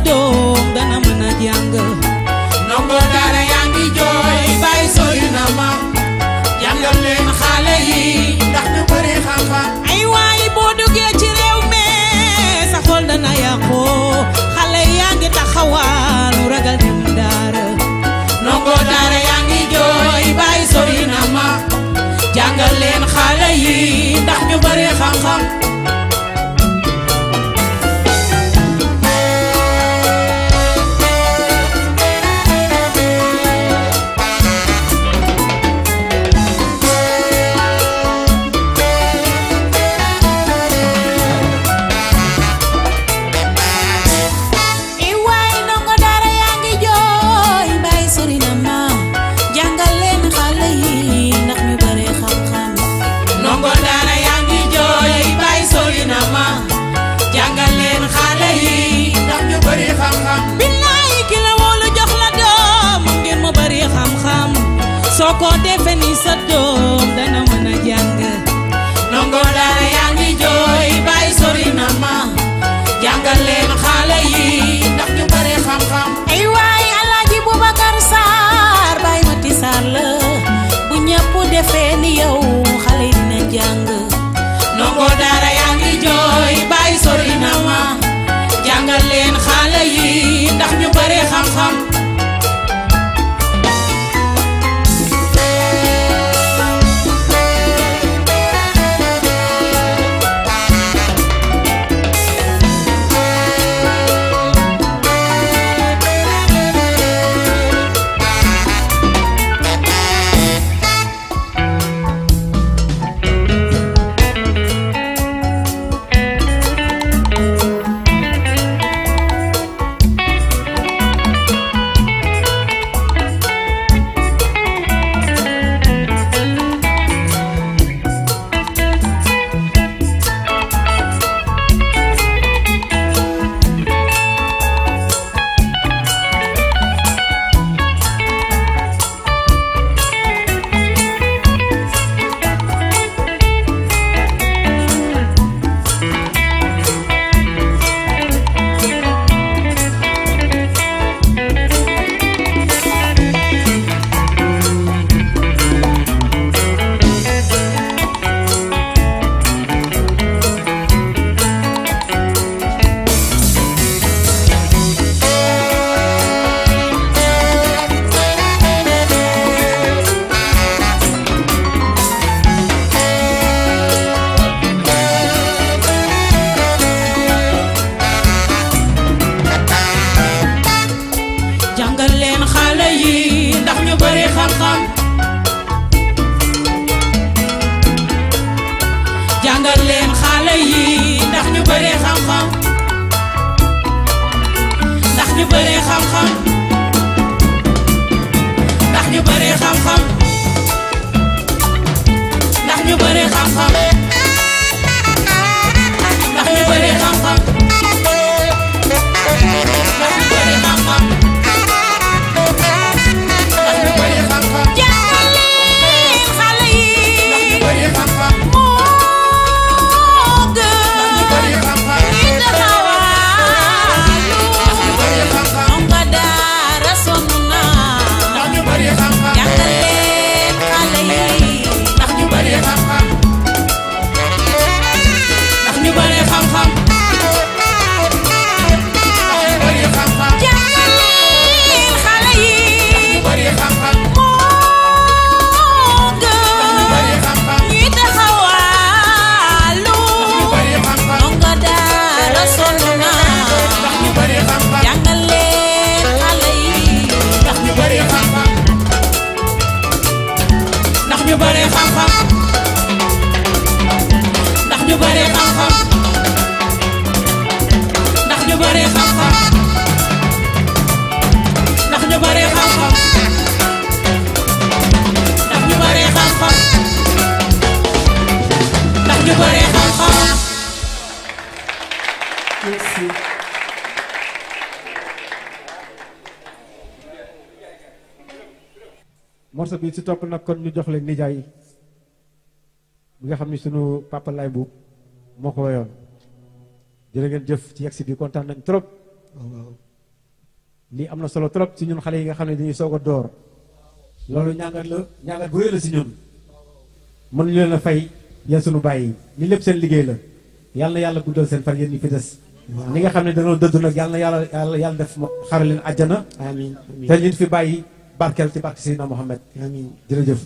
adore. ñu bëri xam-xam bi si topp nag kon ñu jox leen nijaay bi nga xam ni suñu papa lay bu moo ko woyoon jërë jëf ci yegsi bi kontaan nañ trop lii am na solo trop ci ñun xale yi nga xam ne dañuy soog a door loolu ñàngat la ñàngat bu rëy la si ñun mënuñu leen a fay yéen sunu bàyyi li lépp seen liggéey la yàlla na yàlla seen fan yéen ñi fi des li xam ne dañoo dëdd nag yàlla na yàlla yàlla def xare leen àjjana te ñu fi bàyyi barkeel ci barke Seydina Mouhamed amiin jërëjëf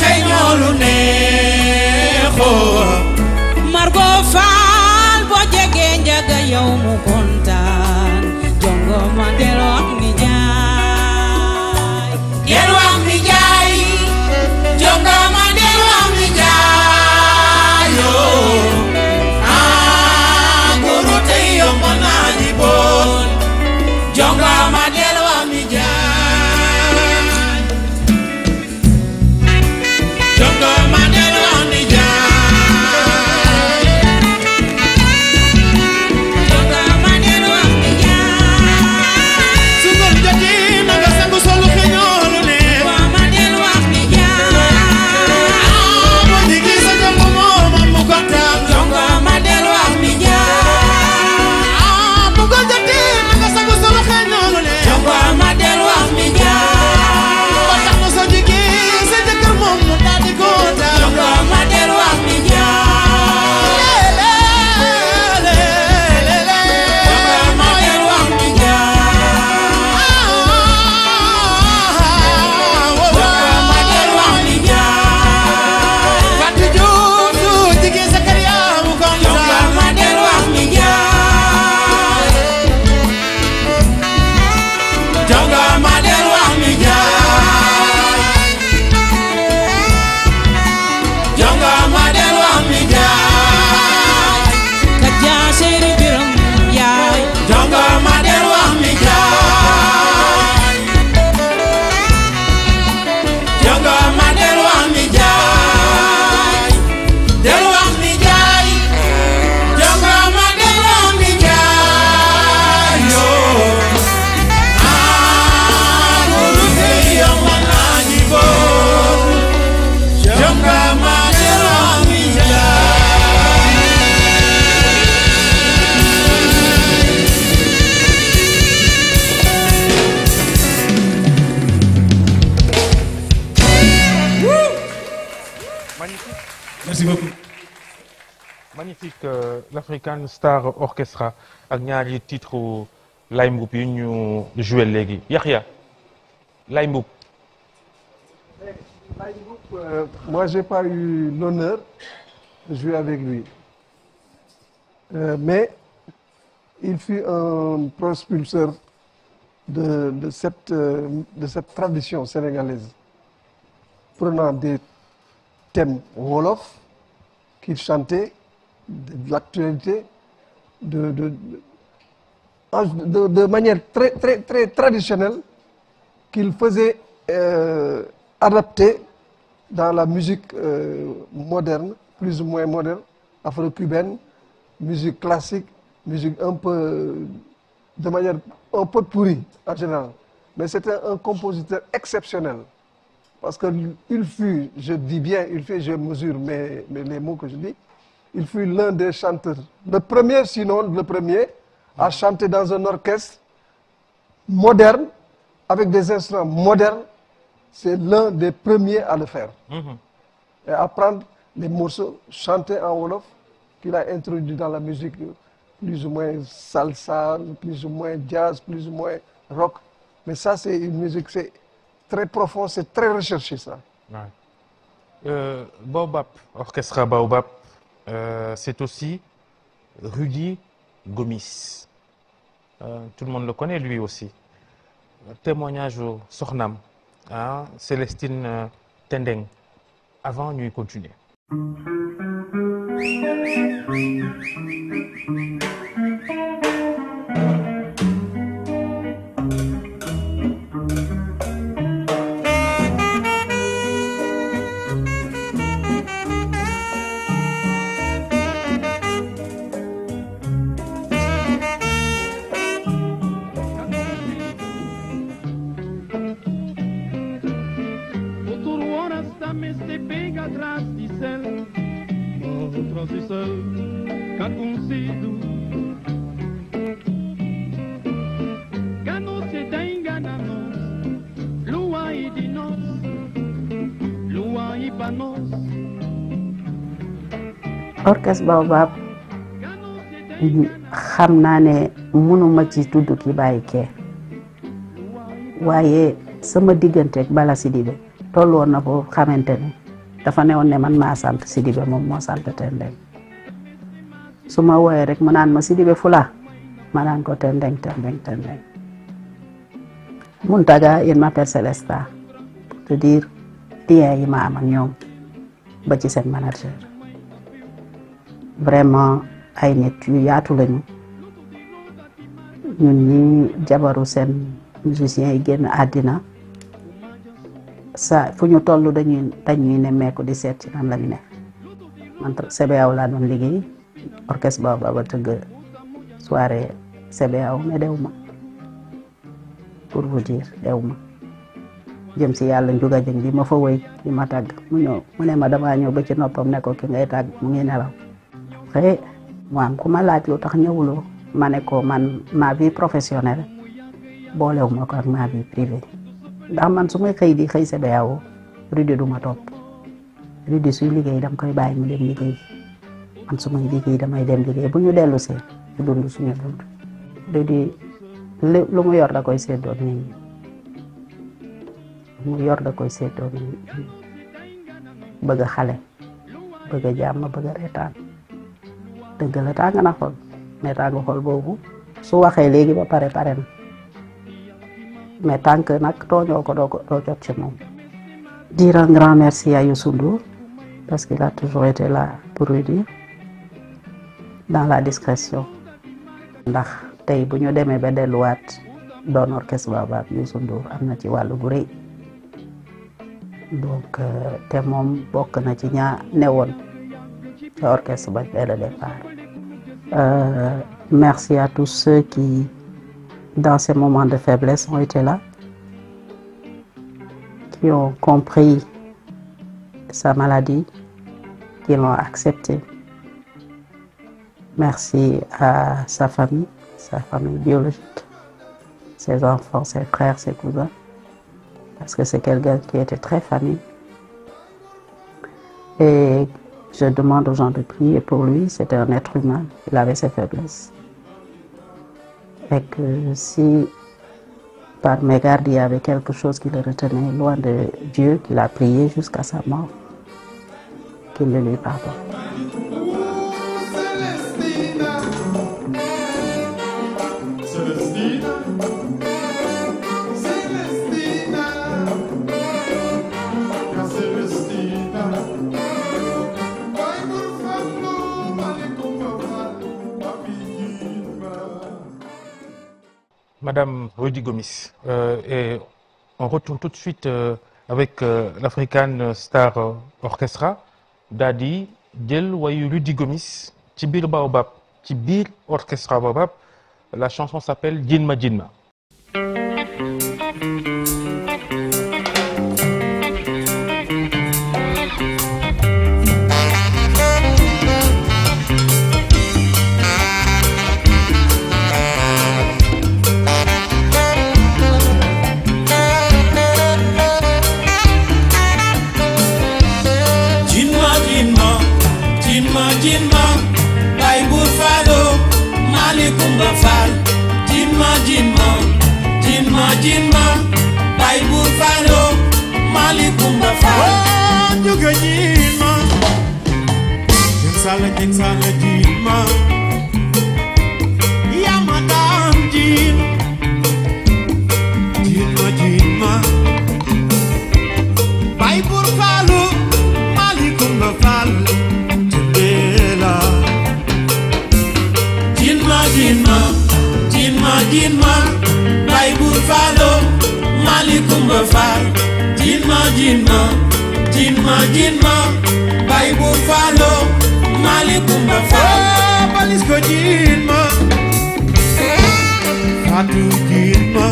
xeeñoo lu neexoo Margot Fall boo jegee njaga yow mu kontaan mystique euh, l'African Star Orchestra ak ñaari titre Laye Mboup yu ñu joué léegi Yaxya Laye Mboup Laye Mboup euh, moi j'ai pas eu l'honneur de jouer avec lui euh, mais il fut un propulseur de de cette de cette tradition sénégalaise prenant des thèmes wolof qu'il chantait de l'actualité de manière très très très traditionnelle qu'il faisait euh, adapter dans la musique euh, moderne plus ou moins moderne afro-cubaine musique classique musique un peu de manière un peu pourrie en général mais c'était un compositeur exceptionnel parce que il fut je dis bien il fut je mesure mais mes les mots que je dis il fut l'un des chanteurs. Le premier, sinon le premier, à chanter dans un orchestre moderne, avec des instruments modernes. C'est l'un des premiers à le faire. Mmh. Et apprendre les morceaux chantés en Wolof qu'il a introduit dans la musique, plus ou moins salsa, plus ou moins jazz, plus ou moins rock. Mais ça, c'est une musique, c'est très profond, c'est très recherché, ça. Ouais. Euh, Baobab, orchestre Baobab, euh, c'est aussi Rudy Gomis euh, tout le monde le connaît lui aussi témoignage u soxnaam ah Célestine euh, Tendeng avant ñuy continuer orchestre Baobab xam naa ne mënuma ci tudd ki bàyyi kee waaye sama digganteeg Bala Sidibé toll woon na boo xamante ne dafa newoon ne man maa sant Sidibé moom moo sant Tendeng su ma wooyee rek mu naan ma Sidibé fula ma naan ko Tendeng Tendeng Tendeng Muntaga il m'appelle Célestin pour te dire lien yi ma am ak ñoom ba ci seen manager vraiment ay nit yu yaatu lañu ñun jabaru sen musiciens yi génn àddina sa fu ñu toll dañuy dañuy ne meeku di set ci nan la ne man CBAO laa doon liggéey orchestre ba ba tëgg soirée CBAO mais dew ma pour vous dire dew ma jëm si yàlla njuga jëng bi ma fa wëy bi ma tàgg mu ñëw mu ne ma damaa ñëw ba ci noppam ne ko ki ngay tàgg mu ngi nelaw après mu am laaj lu tax ñëwuloo ma ne ko man maa vie professionnelle boolewuma ko ak ma vie privée ndax man su may xëy di xëy CBAO Rudy du ma topp Rudy suy liggéey dama koy bàyyi mu dem liggéey man su may liggéey damay dem liggéey bu ñu dellu see ñu dund suñu lu mu yor da koy séddoo lu mu yor da koy séddoo nit ñi bëgg xale bëgg jàmm bëgg reetaan dëgg la tàng na kol mais tàng xol boobu su waxee léegi ba pare pare na mais tànk nag tooñoo ko ko doo jot moom. dire grand merci à Youssou Ndour parce qu'il a toujours été là pour dans la discrétion. ndax tey bu ñu demee ba delluwaat doon orchestre Baobab Youssou Ndour am na ci wàllu bu donc euh, te moom bokk na ci ñaa newoon. l'orchestre bat dès le départ. Euh, merci à tous ceux qui, dans ces moments de faiblesse, ont été là, qui ont compris sa maladie, qui l'ont accepté. Merci à sa famille, sa famille biologique, ses enfants, ses frères, ses cousins, parce que c'est quelqu'un qui était très famille. Et Je demande aux gens de prier pour lui. C'était un être humain. Il avait ses faiblesses. Et que si par mégarde il y avait quelque chose qui le retenait loin de Dieu, qu'il a prié jusqu'à sa mort, qu'il le lui pardonne. Madame Rudy Gomis, euh, et on retourne tout de suite euh, avec euh, l'African Star Orchestra daal di jël wayu Rudy Gomis ci biir Baobab ci biir orchestra Baobab la chanson s'appelle Jinma Jinma jiin ma jiin ma jiin ma bay buur faalo malikumba faal ma jiin ma jiin ma bay buur faalo malikumba faal balis ah, ma faatu jiin ma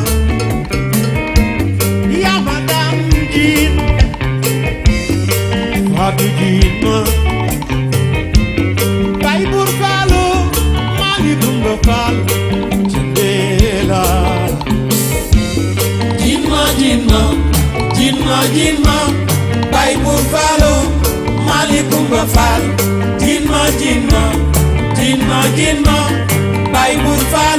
yaa ma dam faatu ji bur faalu maa ngi dund faal ci ndeela jin ma jin ma jin ma jin ma bay bur faalu maa ngi dund faal jin ma jin ma jin ma jin ma bay bur faal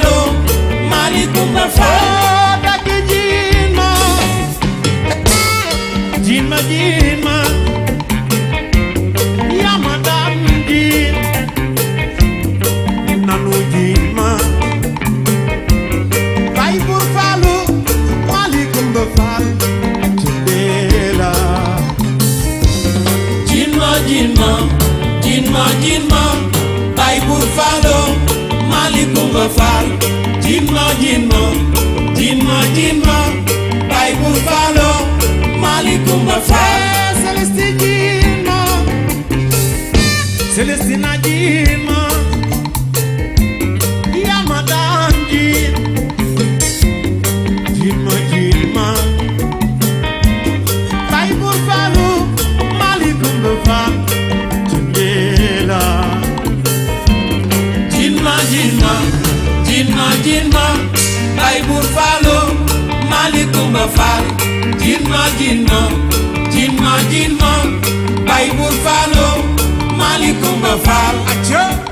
faal jinma jinma jinma jinma bay bu faalo malikumba faal Célestin jinma Célestina jinma yamadan jin jinma jinma bay bu faalo malikumba faal jinjela jinma jinma jiin ma bay buur faalo Malick Coumba Fall jiin ma jiin ma jiin ma jiin ma bay buur faalo Malick Coumba Fall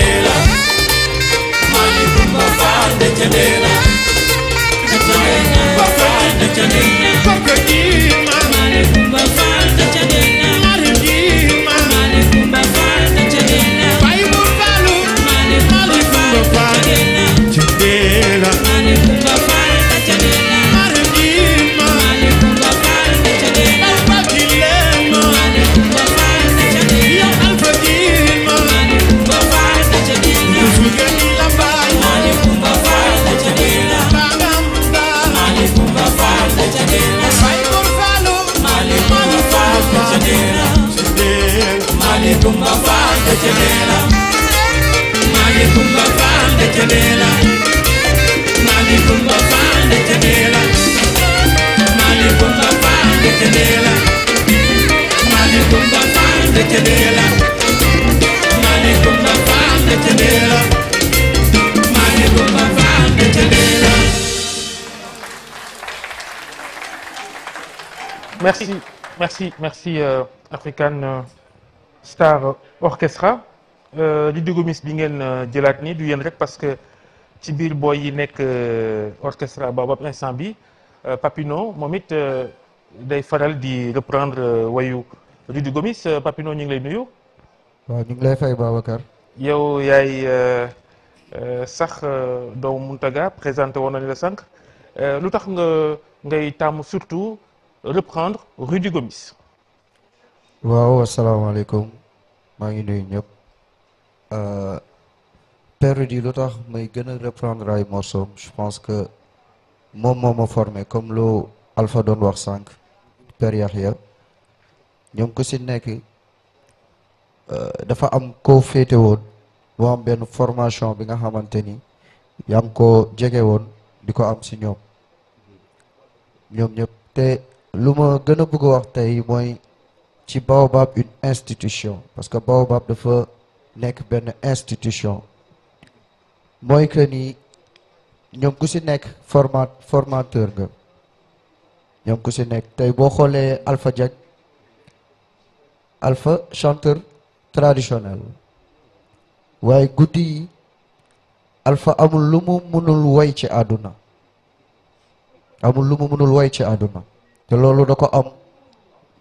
candela mami kumba fande candela mami kumba fande candela jabela Merci, merci, euh, African euh, Star Orchestra. Euh, li digu mis bi ngeen euh, jëlaat ni du yéen rek parce que ci biir boo yi nekk euh, orchestre Baobab instant bi Papino moom it day faral di reprendre wayu Rudy Gomis Papino ñu ngi lay nuyu. ñu ngi lay fay Babacar. yow yaay sax doomu Muntaga présenté woon na la sànq lu tax nga ngay tàmm surtout reprendre Rudy Gomis. waaw asalaamaaleykum maa ngi nuyu ñëpp. Euh, période yi lu tax may gën a reprendre ay morceaux je pense que moom moo ma formé comme loo Alpha doon wax sànq Père Yahya ñoom ku si nekk euh, dafa am koo féete woon mu am benn formation bi nga xamante ni yaa ngi koo jege di ko am si ñoom ñoom ñëpp te lu ma gën a bëgg wax tey mooy ci Baobab une institution parce que Baobab dafa nekk benn institution mooy que nii ñoom ku si nekk format formateur nga ñoom ku si nekk tey boo xoolee Alpha Jack Alpha chanteur traditionnel waaye guddi yi Alpha amul lu mu mënul woy ci àdduna amul lu mu mënul woy ci àdduna te loolu da ko am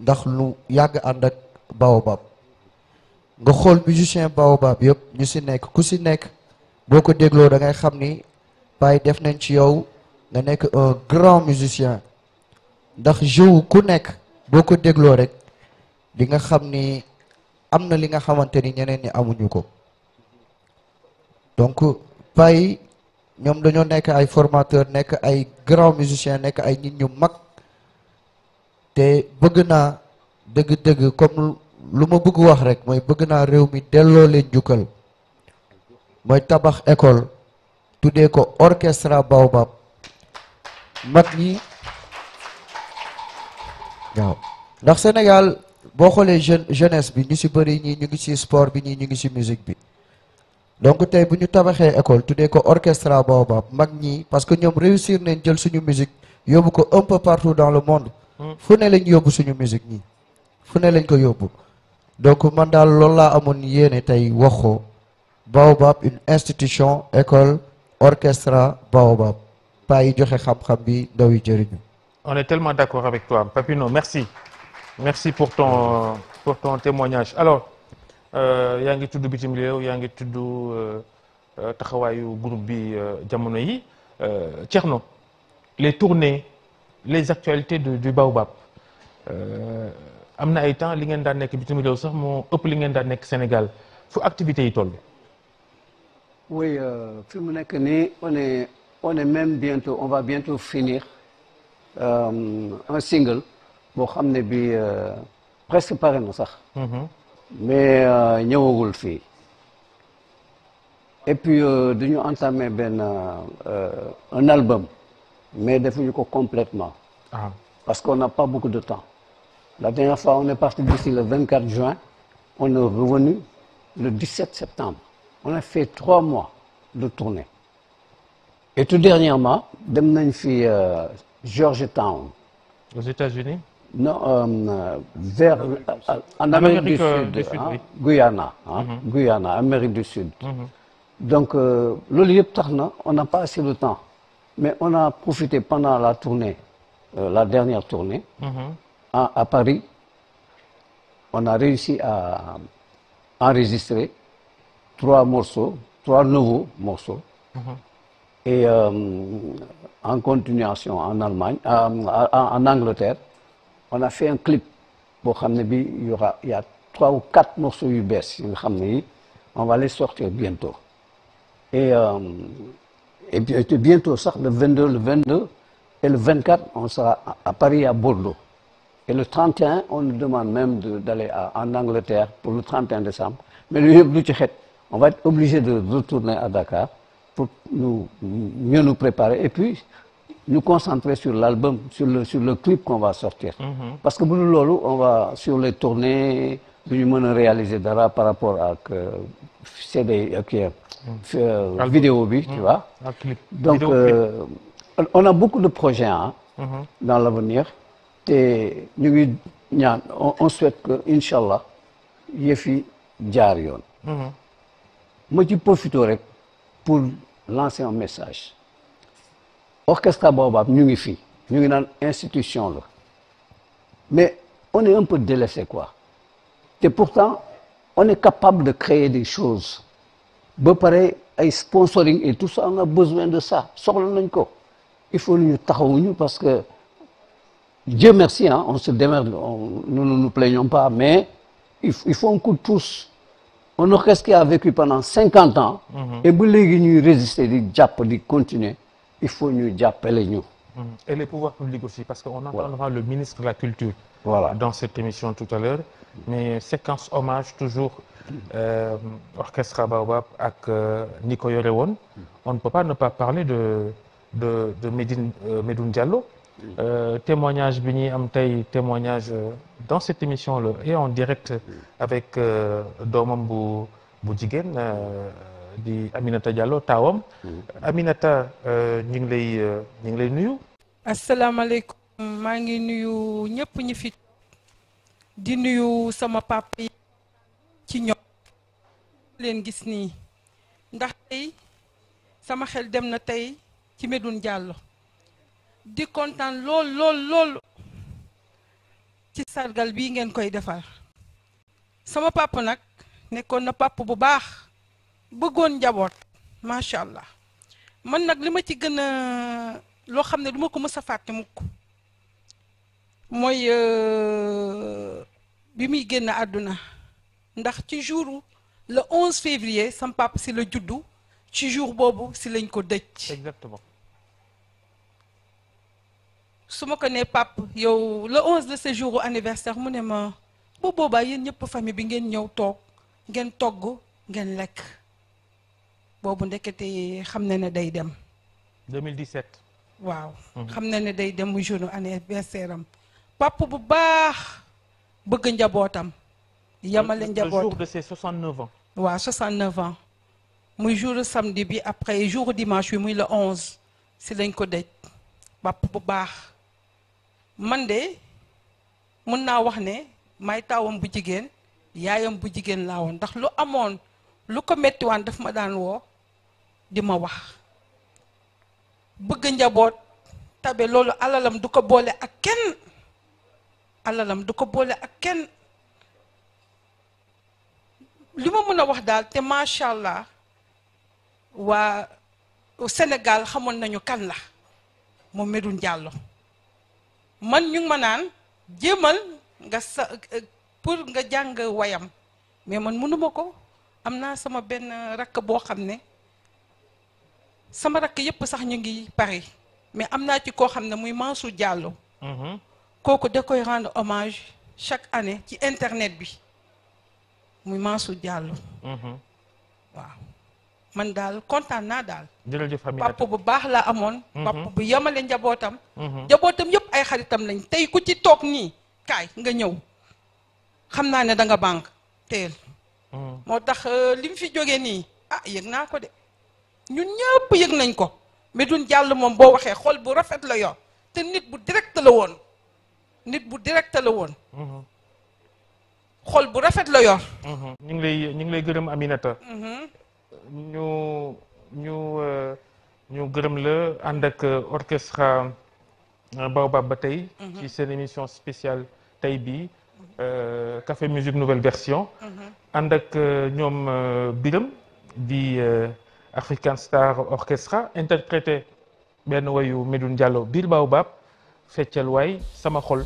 ndax lu yàgg ànd ak baobab nga xool musicien baobab yëpp ñu si nekk ku si nekk boo ko dégloo dangay xam ni Baye def nañ ci yow nga nekk un grand musicien ndax jeu ku nekk boo ko dégloo rek li nga xam ni am na li nga xamante ni ñeneen ñi amuñu ko donc pay ñoom dañoo nekk ay formateur nekk ay grand musicien nekk ay nit ñu mag te bëgg naa dëgg-dëgg comme lu ma bëgg wax rek mooy bëgg naa réew mi delloo leen jukkal mooy tabax école dee ko orchestre Baobab mag ñi waaw ndax boo xoolee jeune jeunesse bi ñu ci bëri ñii ñu ngi ci sport bi ñii ñu ngi ci musique bi donc tey bu ñu tabaxee école tuddee ko orchestre Baobab mag ñi parce que ñoom réussir nañ jël suñu musique yóbbu ko un peu partout dans le monde hmm. fu ne lañ yóbbu suñu musique ñi fu ne lañ ko yóbbu donc man daal loolu laa amoon yéene tey wax ko Baobab une institution école orchestra Baobab paa yi joxe xam-xam bi ndaw yi jëriñu. on est tellement d'accord avec toi Papino merci merci pour ton pour ton témoignage alors euh, yaa ngi tudd bitim réew yaa ngi tuddu euh, euh, taxawaayu groupe bi jamono yi Thierno les tournées les actualités du du Baobab. am na ay temps li ngeen daan nekk bitim réew sax moo ëpp li ngeen daan nekk Sénégal fu activités yi toll. oui euh, fi mu nekk nii on est on est même bientôt on va bientôt finir euh, un single boo xam ne bi euh, presque pare na sax. Mhm. mais ñëwagul fii. et puis duñu entamé benn un album mais defuñu ko complètement. Ah. parce qu'on n'a pas beaucoup de temps. La dernière fois, on est parti d'ici le 24 juin. On le 17 septembre. On a fait trois mois de tournée. Et tout dernièrement, dem nañ fi euh, Georgetown. Aux États-Unis? Non, euh, vers en Amérique Amérique du Sud. mm Donc loolu yëpp tax na on n'a temps. Mais on a profité pendant la tournée, la dernière tournée. Mhm. à, à Paris, on a réussi à enregistrer trois morceaux, trois nouveaux morceaux. Mm -hmm. Et euh, en continuation en Allemagne, euh, en, en, Angleterre, on a fait un clip pour Khamnebi. Il y aura il y a trois ou quatre morceaux UBS. On va les sortir bientôt. Et, euh, et bientôt, ça, le le et le on sera à Paris, à Bordeaux. Et le 31, on nous demande même d'aller de, en Angleterre pour le 31 décembre. Mais le Yobluchichet, on va être obligé de retourner à Dakar pour nous, mieux nous préparer et puis nous concentrer sur l'album, sur le, sur le clip qu'on va sortir. Mm -hmm. Parce que nous, Lolo, on va sur les tournées, réaliser d'ara par rapport a beaucoup de projets hein, -hmm. dans l'avenir. te ñu ngi ñaan on souhaite que incha allah yëf yi jaar yoon. Mm-hmm. ma ci profité rek pour lancer un message. orchestre Baobab ñu ngi fii ñu ngi naan institution la mais on est un peu délaissé quoi te pourtant one capable de créer des choses ba pare ay sponsoring et tout ça on a besoin de ça soxla nañ ko il faut ñu taxawuñu parce que. Dieu merci, on se on, nous ne nous plaignons pas, mais il, il faut un coup de pouce. Un orchestre qui a pendant ans, mhm. et bu léegi ñuy résister di jàpp continuer, il faut ñu jàppale ñu. Mhm. Et les pouvoirs publics aussi, parce qu'on entendra voilà. le ministre de la Culture voilà. dans cette émission tout à l'heure, mais séquence hommage toujours euh, Orchestre Baobab ak euh, ñi ko yore woon. Mm. On ne peut pas ne parler de de de Médine euh, Euh, témoignage bi ñuy am tey témoignage euh, dans cette émission la et en direct avec euh, doomam bu bu jigéen di Aminata Diallo taawam. Aminata ñu ngi lay ñu ngi lay nuyu. asalaamaaleykum maa ngi nuyu ñëpp ñi fi di nuyu sama papa yi ci ñoom leen gis nii ndax sama xel dem na tey ci Medoune Diallo. di kontaan lool lool lool ci sargal bii ngeen koy defar sama papa nag nekkoon na papa bu baax bëggoon njaboot macha allah man nag li ma ci gën a loo xam ne du ko mës a fàtte mukk mooy euh, bi muy génn àdduna ndax ci jour le 11 février sam papa si la juddu ci jour boobu si lañ ko dëj exactement su ma ko nee pap yow le onze de ce jour anniversaire mu ne ma bu booba yéen ñëpp famille bi ngeen ñëw toog ngeen togg ngeen lekk boobu ndekete xam na ne day dem. 2017. waaw mhm. xam na ne day dem mu jour anniversaire am pap bu baax bëgg njabootam. yamale njaboot le jour de ses 69 ans. waaw 69 ans muy jour samedi bi après jour dimanche bi muy le 11 si lañ ko dej pap bu baax. man de mun naa wax ne may taawam bu jigéen yaayam bu jigéen laa woon ndax lu amoon lu ko mettiwaan daf ma daan woo di ma wax bëgg njaboot tabe loolu alalam du ko boole ak kenn du ko boole ak kenn li ma mën a wax daal te macha allah waa Sénégal xamoon nañu kan la moom Medoune Diallo man ñu ma naan jéemal nga sa pour nga jàng wayam mais man mënuma ko am naa sama benn rakk boo xam ne sama rakk yépp sax ñu ngi Paris mais am naa ci koo xam ne muy Mansour Diallo mm-hmm. kooku da koy rendre hommage chaque année ci internet bi muy Mansour Diallo mm-hmm. waaw man daal kontaan naa daal. jërëjëf papa bu baax la amoon. Mhm. papa bu yamale njabootam. Mhm. njabootam yëpp ay xaritam lañ tey ku ci toog nii kaay nga ñëw xam naa ne danga bànk teel. Mhm. moo tax euh, li fi jógee nii ah yëg naa ko de ñun ñëpp yëg nañ ko mais jàll moom boo waxee xol bu rafet la yor te nit bu direct la woon nit bu direct la woon. xol bu rafet la yor. ñu ngi lay ñu ngi gërëm Aminata. ñu ñu euh, ñu gërëm la ànd ak euh, orchestre euh, Baobab ba tey. Mhm. ci seen émission spéciale tey bii. Café Musique nouvelle version. Mhm. ànd ak ñoom Biram di African Star Orchestra interprété benn wayu Medoune Diallo biir Baobab feccal waay sama xol.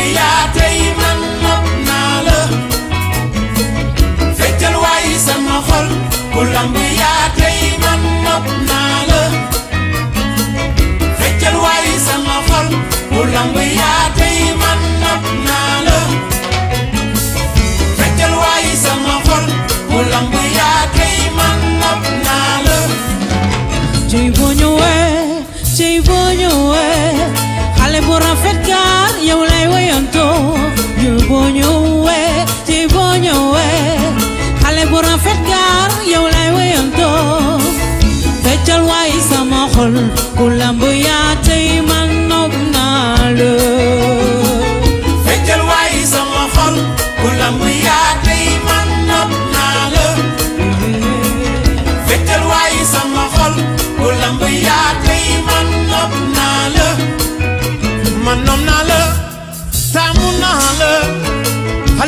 tey boo ñëwee xale bu rafet kaar yow lay woyantoo yow boo ñëwee tey boo ñëwee xale bu rafet kaar yow lay woyantoo feccal waay sama xol ku lamb yaa tey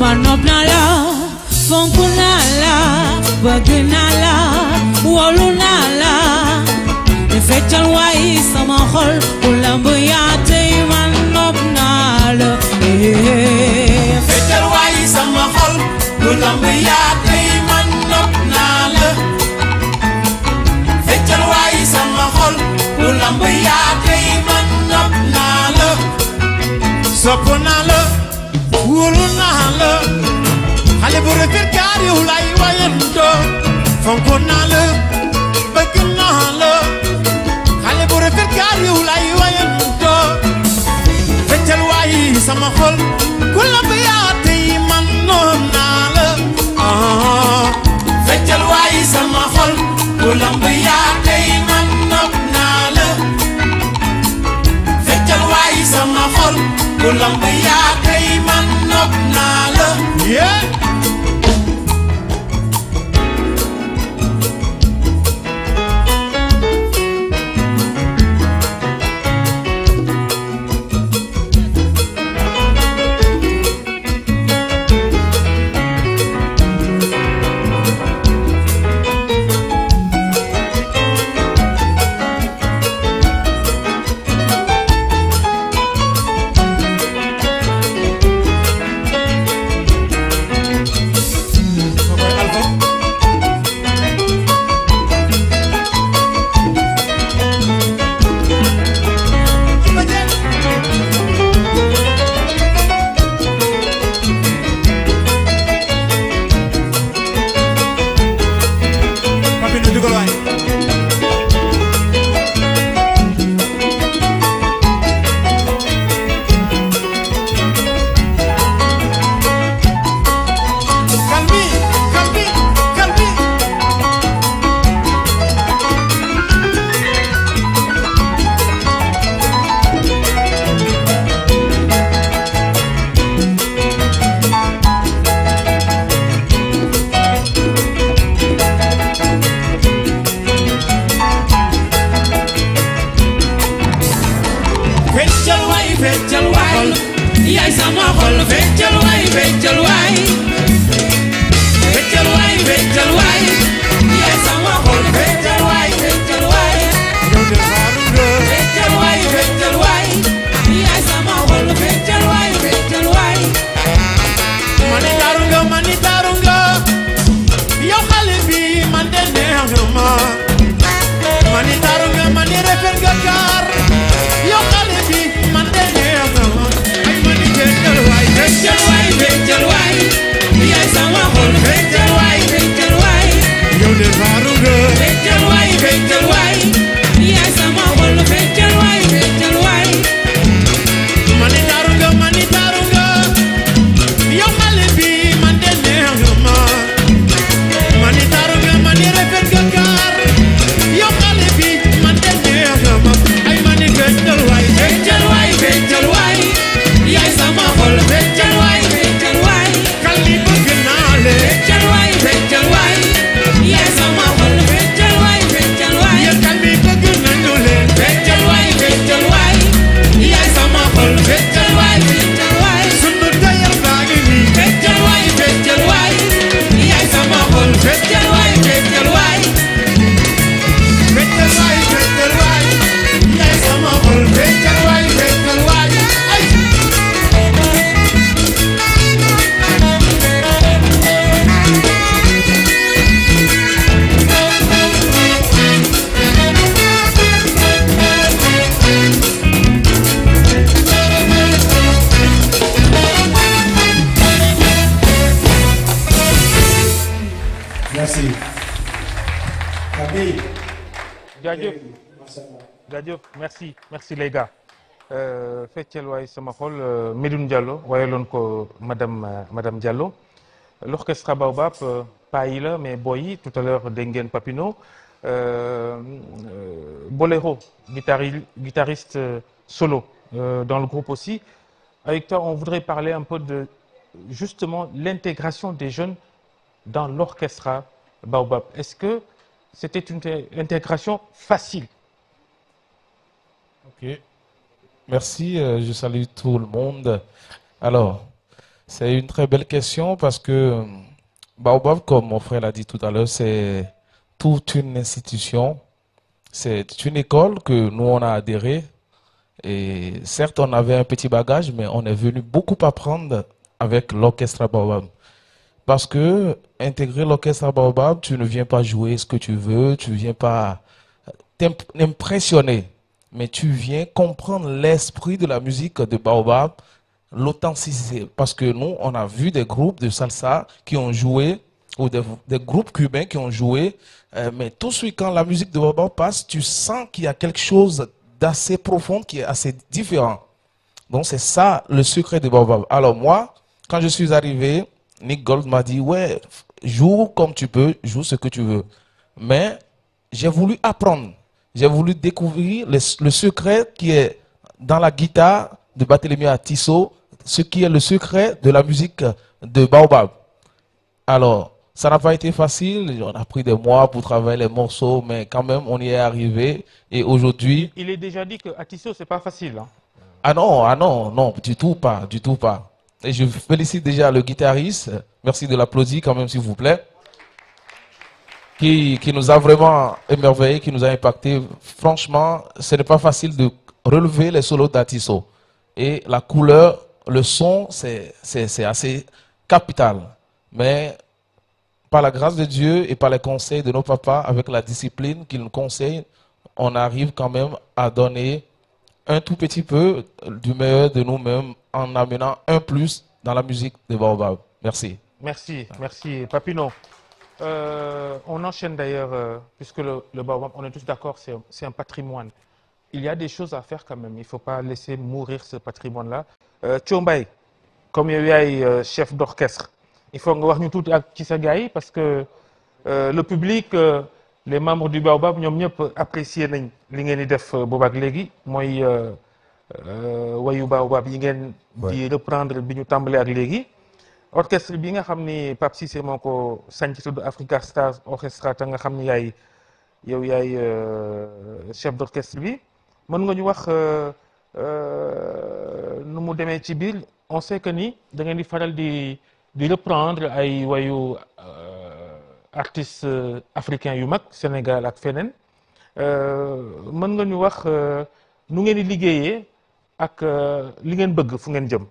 man nopp naa la fonk naa la bëgg naa la wóolu naa la ne feccal waay sama lamb yaa tey man nopp naa la feccal waay sama xol bu lamb yaa fonkoon naa la bëgg naa la xale bu rafet gaar yow lay wayantoo feccal waay sama xol ku la bayaate yi man noon naa la ah feccal waay sama xol ku la bayaate yi man noon naa la feccal waay sama xol ku la bayaate jaajëf merci merci les gars euh, waay sama xol euh, Medoune Diallo wayaloon ko madame euh, madame Diallo l'orchestre Baobab paa yi la mais boy tout à l'heure dégg ngeen Papino Boléro guitariste solo dans le groupe aussi avec toi on voudrait parler un peu de justement l'intégration des jeunes dans l'orchestre Baobab est-ce que c'était une intégration facile Ok. Merci, euh, je salue tout le c'est une très belle question parce que euh, Baobab, comme mon frère l'a dit tout à l'heure, c'est toute une institution. C'est une école que nous, on a adhéré. certes, on avait un petit bagage, mais on est venu beaucoup apprendre avec l'orchestre Baobab. Parce que intégrer l'orchestre Baobab, tu ne viens pas jouer ce que tu veux, tu ne viens pas t'impressionner. mais tu viens comprendre l'esprit de la musique de Baobab, l'authenticité. Parce que nous, on a vu des groupes de salsa qui ont joué, ou des, des groupes cubains qui ont joué, euh, mais tout de suite, quand la musique de Baobab passe, tu sens qu'il y a quelque chose d'assez profond qui est assez différent. Donc, c'est ça le secret de Baobab. Alors, moi, quand je suis arrivé, Nick Gold m'a dit, ouais, joue comme tu peux, joue ce que tu veux. Mais j'ai voulu apprendre. j'ai voulu découvrir le, le, secret qui est dans la guitare de Barthélemy Tissot, ce qui est le secret de la musique de Baobab. Alors, ça n'a pas été facile, on a pris des mois pour travailler les morceaux, mais quand même, on y est arrivé. Et aujourd'hui... Il est déjà dit que Tissot, c'est pas facile. Hein. Ah non, ah non, non, du tout pas, du tout pas. Et je félicite déjà le guitariste. Merci de l'applaudir quand même, s'il vous plaît. qui, qui nous a vraiment émerveillés, qui nous a impactés. Franchement, ce n'est pas facile de relever les solos d'Atisso. Et la couleur, le son, c'est assez capital. Mais par la grâce de Dieu et par les conseils de nos papas, avec la discipline qu'ils conseillent, on arrive quand même à donner un tout petit peu du meilleur de nous-mêmes en amenant un plus dans la musique de Baobab. Merci. Euh, on enchaîne d'ailleurs, euh, puisque le, le baobab, on est tous d'accord, c'est un patrimoine. Il y a des choses à faire quand même. Il ne faut pas laisser mourir ce patrimoine-là. Euh, Tchombay, comme yow yaay euh, chef d'orchestre il faut nga wax ñu tuuti ak ci sa gars parce que euh, le public euh, les membres du Baobab ñoom ñëpp apprécier nañ li ngeen di def boobaak léegi mooy wayu Baobab yi ngeen reprendre bi ñu tàmbalee ak léegi orchestre bi nga xam ni Pape Cissé moo ko sànc tudd Africa Stars Orchestra te nga xam ni yaay yow yaay euh, chef d'orchestre bi mën nga ñu wax euh, euh, nu mu demee ci biir on sait que ni da ngeen di faral di di reprendre ay wayu artistes africains yu mag Sénégal ak feneen mën nga ñu wax nu ngeen di liggéeyee ak li ngeen bëgg fu ngeen jëm.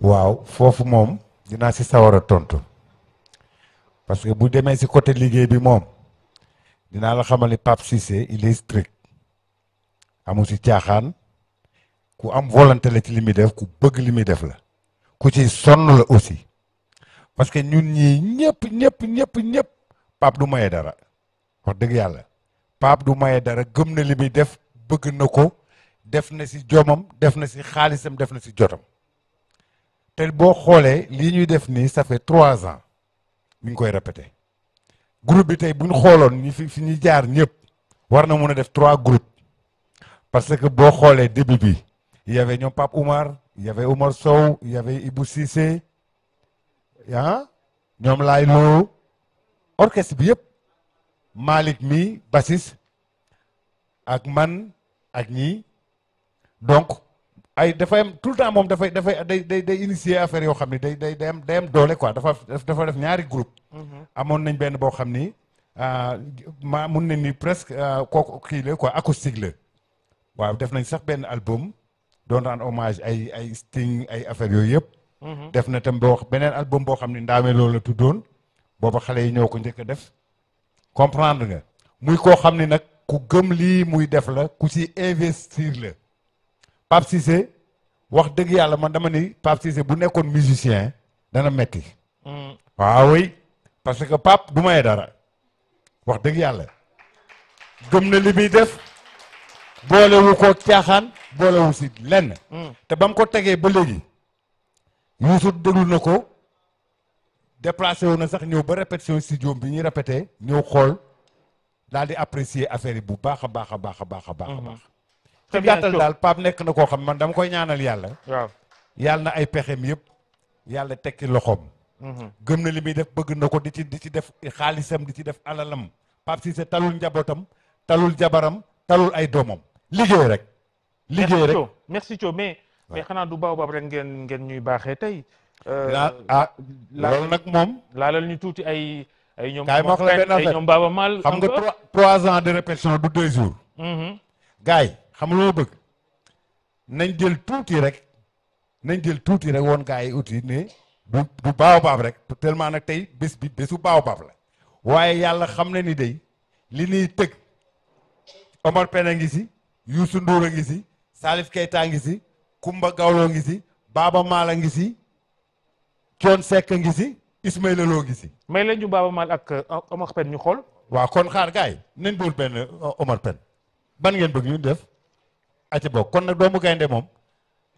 waaw foofu moom dinaa si sawar a tontu parce que bu demee si côté liggéey bi moom dinaa la xamal ni Pape Cissé il est amu si caaxaan ku am volonté la ci li muy def ku bëgg li muy def la ku ci sonn la aussi parce que ñun ñii ñëpp ñëpp ñëpp ñëpp Pape du maye dara wax dëgg yàlla Pape du maye dara gëm na li muy def bëgg na ko def na si jomam def na si xaalisam def na si jotam. te boo xoolee lii ñuy def nii ça fait trois ans ñu ngi koy répété groupe bi tey bu ñu xooloon ñu fi fi ñuy jaar ñëpp war na mun a def trois groupes parce que boo xoolee début bi y avait ñoom Pape Oumar y avait Sow y avait Ibou ah ñoom laay loo orchestre bi yëpp Malick mi bassiste ak man ak ñii donc ay dafay tout le temps moom dafay dafay day day day initier affaire yoo xam ni day day day am day am doole quoi dafa dafa def ñaari groupe mhm. amoon nañ benn boo xam ni ah, ma mun nañ ni presque ah, kooku kii la quoi acoustique la waaw def nañ sax benn album doon rendre hommage ay ay Sting ay affaire yooyu yëpp. Mhm. def na tam boo beneen album boo xam ni ndaame loolu la tuddoon booba xale yi ñoo ko njëkk a def comprendre nga muy koo xam ni nag ku gëm lii muy def la ku si investir la. Pape Cissé wax dëgg yàlla man dama ni Pape Cissé bu nekkoon musicien dana metti waaw mm. ah oui parce que Pape du maye dara wax dëgg yàlla gëm na li muy def boolewu ko caaxaan boolewu si lenn mm. te ba mu ko tegee ba léegi Youssou déglu na ko déplacé wu na sax ñëw ba répétition studio bi ñuy répété ñëw xool daal di apprécier affaire yi bu baax a baax a baax a baax a baax mm-hmm. te gàttal daal Pape nekk na koo xam man dama koy ñaanal yàlla. waaw yàlla na ay pexeem yëpp yàlla tekki loxoom. Mm-hmm. gëm na li muy def bëgg na ko di ci di ci def xaalisam di ci def alalam Pape Cissé talul njabootam talul jabaram talul ay doomam liggéey rek. liggéey rek merci Thio mais. mais xanaa du baobab rek ngeen ngeen ñuy baaxee tey. Euh, la ah loolu nag moom. laalal ñu tuuti ay. ay ñoom kaay ma wax la Baaba Maal. xam nga trois ans de répétition du deux jours. Mm-hmm. gars xam loo bëgg nañ jël tuuti rek nañ jël tuuti rek woon gaa yi uti ne du du baobab rek tellement nag tey bés bi bésu baaw baobab la waaye yàlla xam na ni day li ñuy tëgg Omar Pène a ngi si Youssou Ndour a ngi si Salif Keita ngi si Kumba Gawlo ngi si Baaba Maal a ngi si Thione Seck a ngi si Ismaïla Lo a ngi si may leen ñu Baaba Maal ak uh, Omar Pène ñu xool waaw kon xaar gaay nañ bool benn uh, Omar Pène ban ngeen bëgg ñu def aca bokk kon nag doomu gaynde moom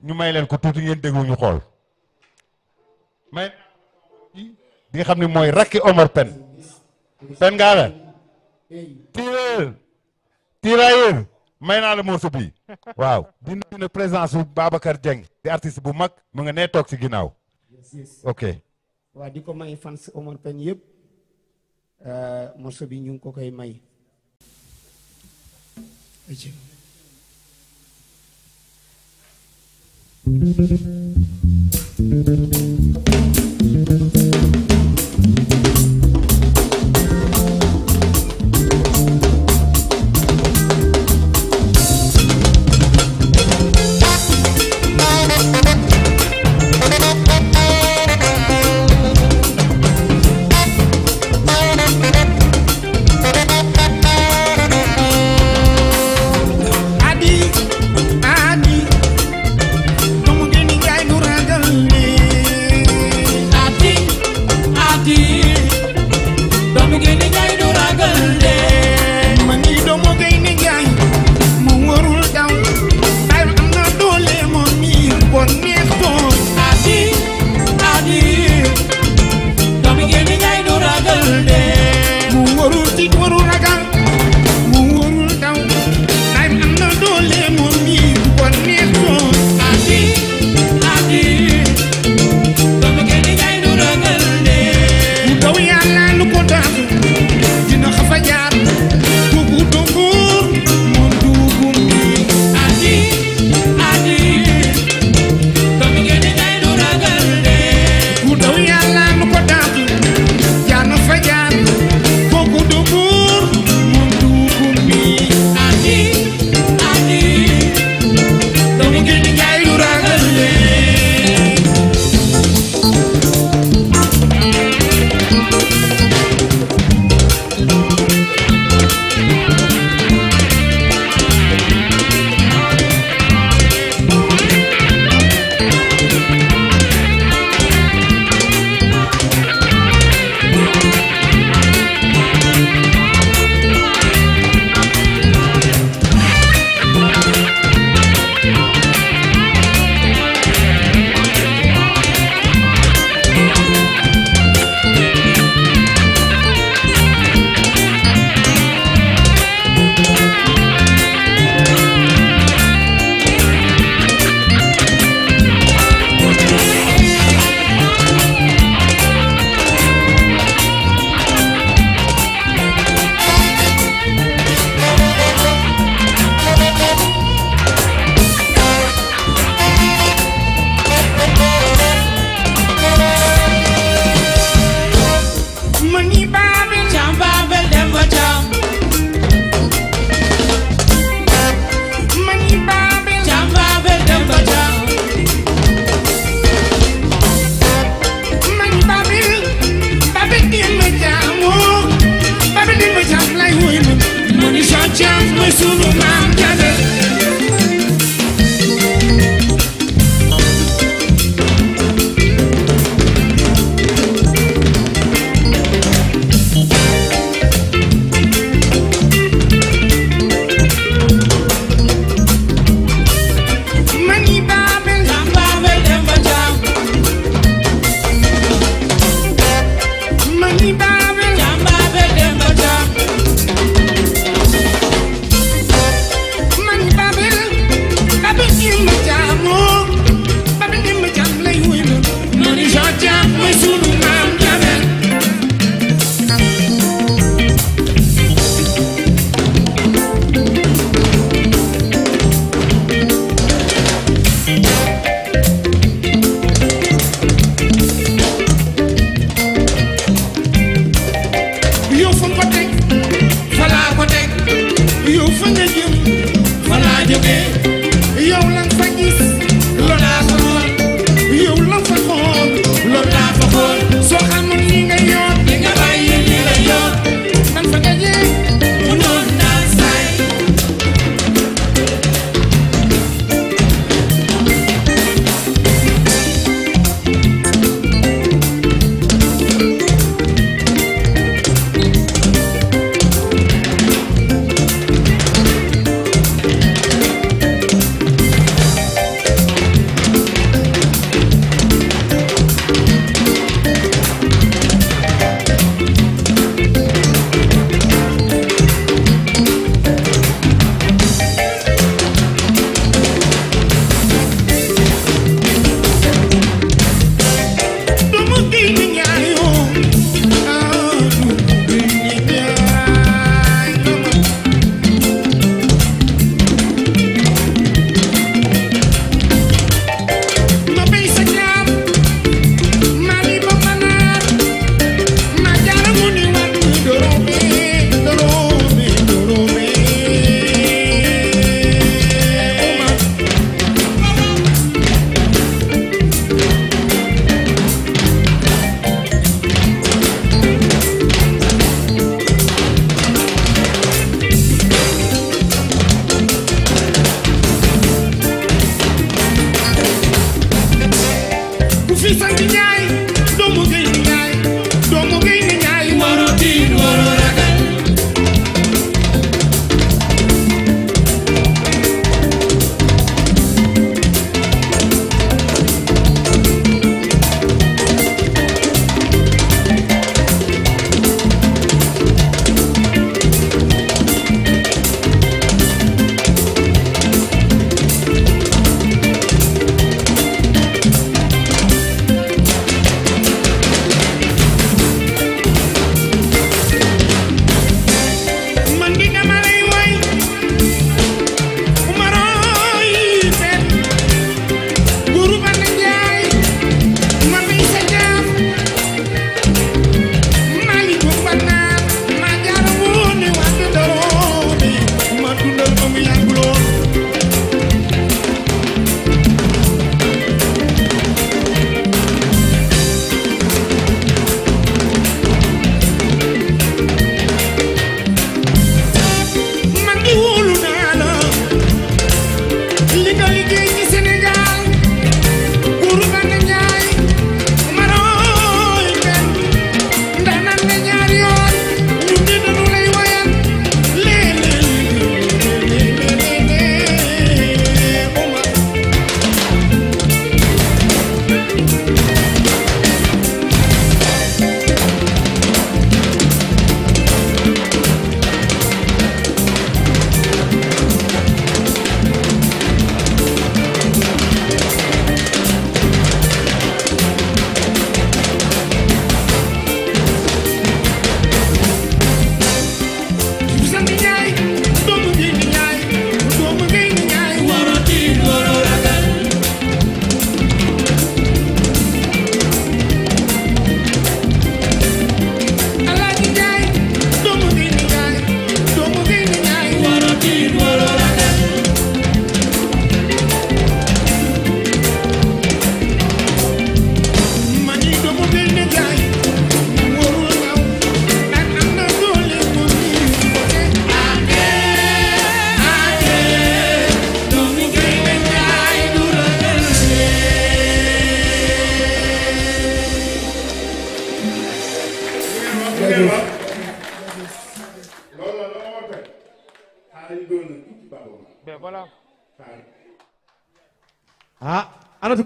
ñu may leen ko tuuti ngeen dégguñu xool may di nga xam ne mooy rakki Omar Pen Pen ngaa la tireur tirailleur may naa la morceau bi waaw dina présence bu Babacar Dieng di artiste bu mag mu nga nee toog ci ginnaaw ok waa di ko may fans Omar Pen yëpp euh, morceau bi ñu ngi ko koy may Thank you.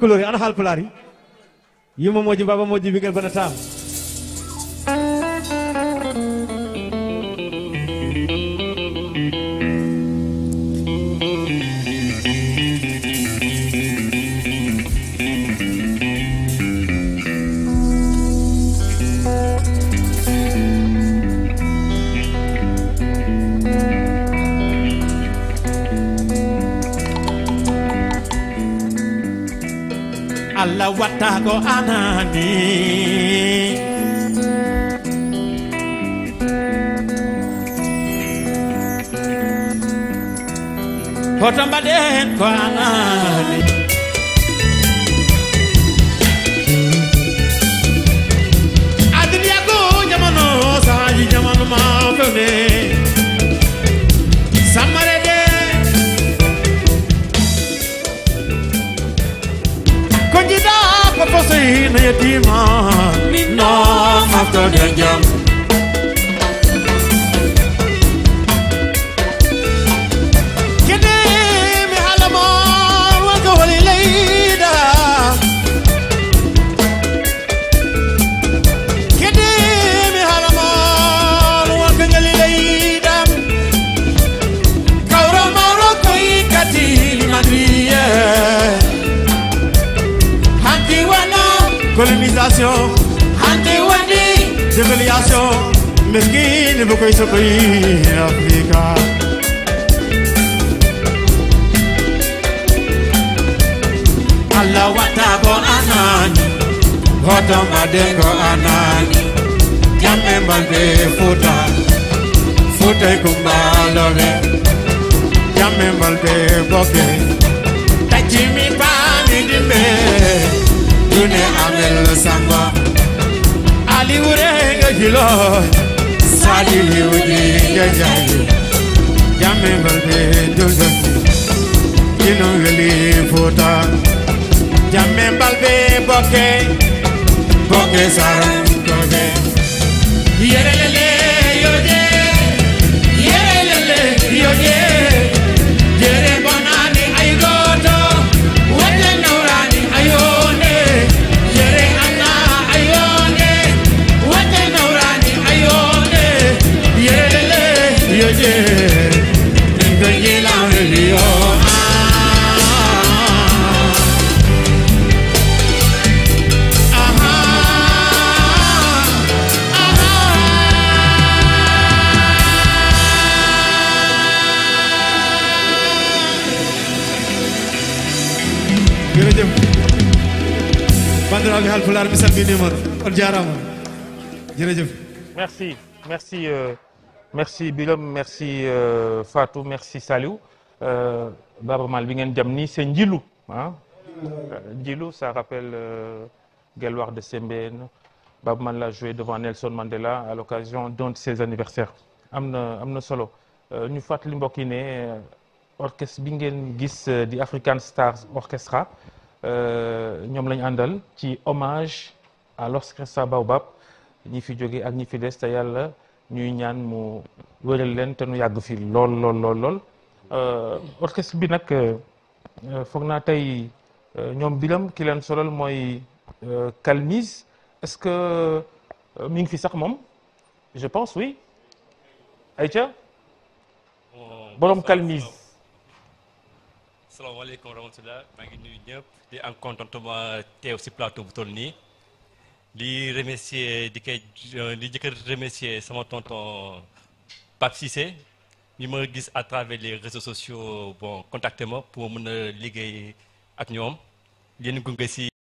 tukulóor yi ana xaal pulaar yi yi ma moji mbaaba moji bi ngeen bana taam a anani hoto mbaɗen ko anani aduniya ko jamano saji jamanu ma fewne حسين يتيما نام أفتد جنب nilibu kuisafiri Afrika Allah watabo anani Hota madengo anani Jame mbande futa Futa ikumbalore Jame mbande boke Tajimi pani dimbe Dune amelo sangwa Aliure ngejiloi sadi liwuji jajaji jamme balde josati kino weli fota jamme balbe bokke bokke saram Fall bisal merci merci euh, merci Biram merci euh, Fatou merci Saliou euh, Mal bi ngeen jam nii c'est Njilou ah. Njilou ça rappelle euh, Guelwaar de Sembène Baba Mal l'a joué devant Nelson Mandela à l'occasion d'un de ses anniversaires am na am na solo euh, ñu fàttali mbokk yi ne orchestre bi ngeen gis di African Stars Orchestra. Euh, ñoom lañu àndal ci hommage à Lors Christa Baobab ñi fi jóge ak ñi fi des te yàlla ñuy ñaan mu wéral leen te nu yàgg fi lool lool lool lool euh, orchestre bi nag euh, foog naa tey ñoom biram ki leen solal mooy Kalmiz est-ce que mi ngi fi sax moom je pense oui Aïcha borom Kalmiz salaamaaleykum wa rahmatulah maa ngi nuyu ñëpp di am contentement teew si plateau bu toll nii di remercier di koy euh, di jëkkër remercier sama tonton Pape ni ma gis à travers les réseaux sociaux bon contacté ma pour mën a liggéey ak ñoom yéen gunge si.